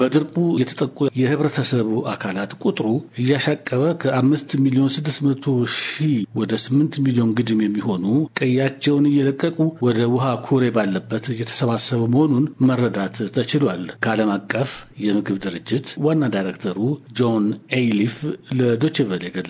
በድርቁ የተጠቁ የህብረተሰቡ አካላት ቁጥሩ እያሻቀበ ከአምስት ሚሊዮን ስድስት መቶ ሺህ ወደ ስምንት ሚሊዮን ግድም የሚሆኑ ቀያቸውን እየለቀቁ ወደ ውሃ ኩሬ ባለበት እየተሰባሰበ መሆኑን መረዳት ተችሏል። ከዓለም አቀፍ የምግብ ድርጅት ዋና ዳይሬክተሩ ጆን ኤይሊፍ ለዶችቨል የገለጹት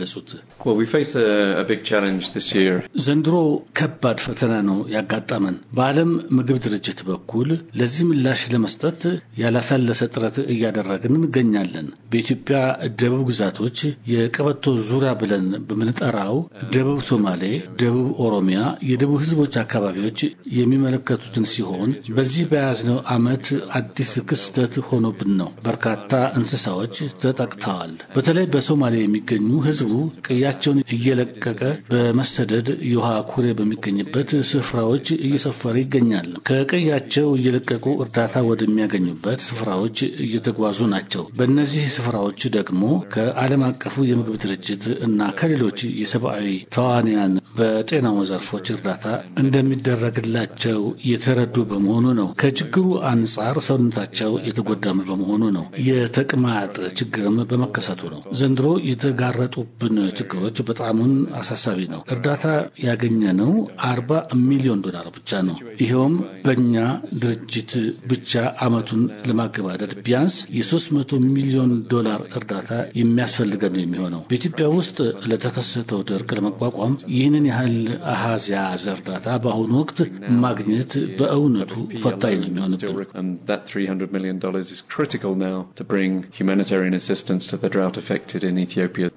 ዘንድሮ ከባድ ፈተና ነው ያጋጠመን። በዓለም ምግብ ድርጅት በኩል ለዚህ ምላሽ ለመስጠት ያላሳለሰ ጥረት እያደረግን እንገኛለን። በኢትዮጵያ ደቡብ ግዛቶች የቀበቶ ዙሪያ ብለን በምንጠራው ደቡብ ሶማሌ፣ ደቡብ ኦሮሚያ፣ የደቡብ ህዝቦች አካባቢዎች የሚመለከቱትን ሲሆን በዚህ በያዝነው ዓመት አዲስ ክስተት ሆኖብን ነው። በርካታ እንስሳዎች ተጠቅተዋል። በተለይ በሶማሌ የሚገኙ ህዝቡ ቀያቸውን እየለቀቀ በመሰደድ የውሃ ኩሬ በሚገኝበት ስፍራዎች እየሰፈረ ይገኛል። ከቀያቸው እየለቀቁ እርዳታ ወደሚያገኙበት ስፍራዎች እየተጓዙ ናቸው። በእነዚህ ስፍራዎች ደግሞ ከዓለም አቀፉ የምግብ ድርጅት እና ከሌሎች የሰብአዊ ተዋንያን በጤናው ዘርፎች እርዳታ እንደሚደረግላቸው የተረዱ በመሆኑ ነው። ከችግሩ አንጻር ሰውነታቸው የተጎዳም በመሆኑ ነው። የተቅማጥ ችግርም በመከሰቱ ነው። ዘንድሮ የተጋረጡብን ችግሮች በጣሙን አሳሳቢ ነው። እርዳታ ያገኘነው አርባ ሚሊዮን ዶላር ብቻ ነው። ይኸውም በእኛ ድርጅት ብቻ አመቱን ለማገባደድ ቢያ ቢያንስ የ300 ሚሊዮን ዶላር እርዳታ የሚያስፈልገን ነው የሚሆነው። በኢትዮጵያ ውስጥ ለተከሰተው ድርቅ ለመቋቋም ይህንን ያህል አሃዝ የያዘ እርዳታ በአሁኑ ወቅት ማግኘት በእውነቱ ፈታኝ ነው የሚሆንብን።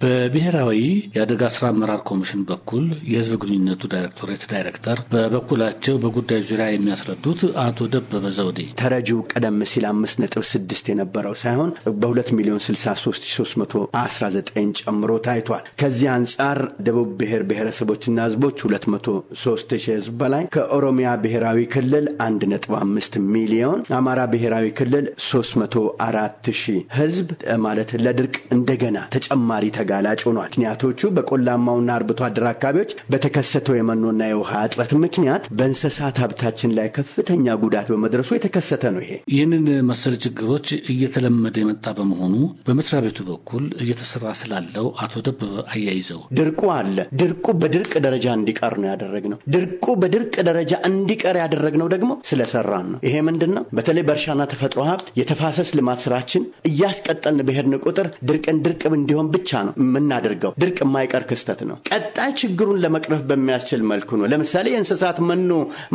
በብሔራዊ የአደጋ ስራ አመራር ኮሚሽን በኩል የህዝብ ግንኙነቱ ዳይሬክቶሬት ዳይሬክተር በበኩላቸው በጉዳዩ ዙሪያ የሚያስረዱት አቶ ደበበ ዘውዴ ተረጂው ቀደም ሲል አምስት ነጥብ ስድስት የነበረው ሳይሆን በ2 ሚሊዮን 63319 ጨምሮ ታይቷል። ከዚህ አንጻር ደቡብ ብሔር ብሔረሰቦችና ህዝቦች 203 ሺህ ህዝብ በላይ ከኦሮሚያ ብሔራዊ ክልል 1.5 ሚሊዮን፣ አማራ ብሔራዊ ክልል 304 ሺህ ህዝብ ማለት ለድርቅ እንደገና ተጨማሪ ተጋላጭ ሆኗል። ምክንያቶቹ በቆላማውና አርብቶ አደር አካባቢዎች በተከሰተው የመኖና የውሃ እጥረት ምክንያት በእንስሳት ሀብታችን ላይ ከፍተኛ ጉዳት በመድረሱ የተከሰተ ነው። ይሄ ይህንን መሰል ችግሮች እየተለመደ የመጣ በመሆኑ በመስሪያ ቤቱ በኩል እየተሰራ ስላለው አቶ ደበበ አያይዘው ድርቁ አለ። ድርቁ በድርቅ ደረጃ እንዲቀር ነው ያደረግነው። ድርቁ በድርቅ ደረጃ እንዲቀር ያደረግነው ደግሞ ስለሰራን ነው። ይሄ ምንድን ነው? በተለይ በእርሻና ተፈጥሮ ሀብት የተፋሰስ ልማት ስራችን እያስቀጠልን በሄድን ቁጥር ድርቅን ድርቅ እንዲሆን ብቻ ነው የምናደርገው። ድርቅ የማይቀር ክስተት ነው። ቀጣይ ችግሩን ለመቅረፍ በሚያስችል መልኩ ነው። ለምሳሌ የእንስሳት መኖ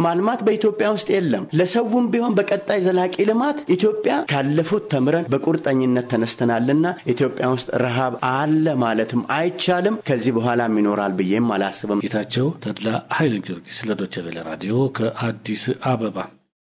ማልማት በኢትዮጵያ ውስጥ የለም። ለሰውም ቢሆን በቀጣይ ዘላቂ ልማት ኢትዮጵያ ካለ ባለፉት ተምረን በቁርጠኝነት ተነስተናልና ኢትዮጵያ ውስጥ ረሃብ አለ ማለትም አይቻልም። ከዚህ በኋላም ይኖራል ብዬም አላስብም። ጌታቸው ተድላ ኃይለ ጊዮርጊስ ለዶቸቬለ ራዲዮ ከአዲስ አበባ